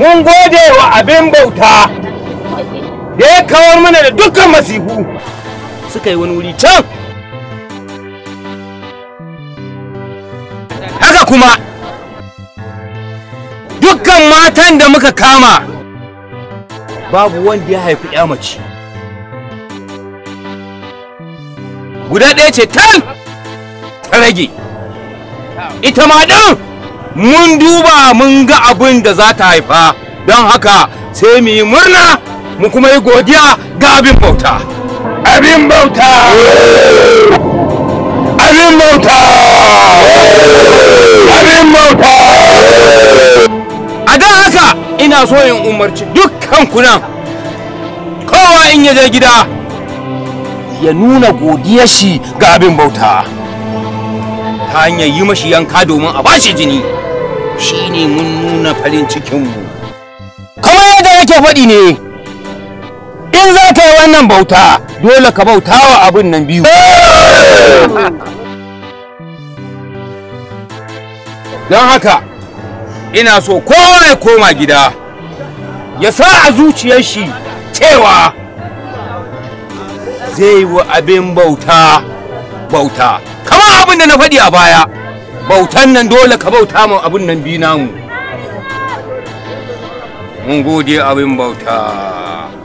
mun gode wa abin bauta da ya kawar mana da dukkan masifu suka yi wani wuri can haka kuma dukkan matan da muka kama babu wanda ya haifi ya mace guda ɗaya ce tan ta rage ita ma ɗan mun duba mun ga abin da za ta haifa don haka sai mu yi murna mu kuma yi godiya ga abin bauta abin bauta abin bauta abin bauta a don haka ina so in umarci dukkan kunan kowa in ya je gida ya nuna godiyar shi ga abin bauta ta hanyar yi mashi yanka domin a bashi jini shine mun nuna farin cikinmu kamar yadda yake faɗi ne in za ka yi wannan bauta dole ka bauta wa abin nan biyu don haka ina so kowa ya koma gida ya sa a zuciyar shi cewa zai yi wa abin bauta bauta abin da na faɗi a baya bautan nan dole ka bauta mu abin nan bi namu mun gode abin bauta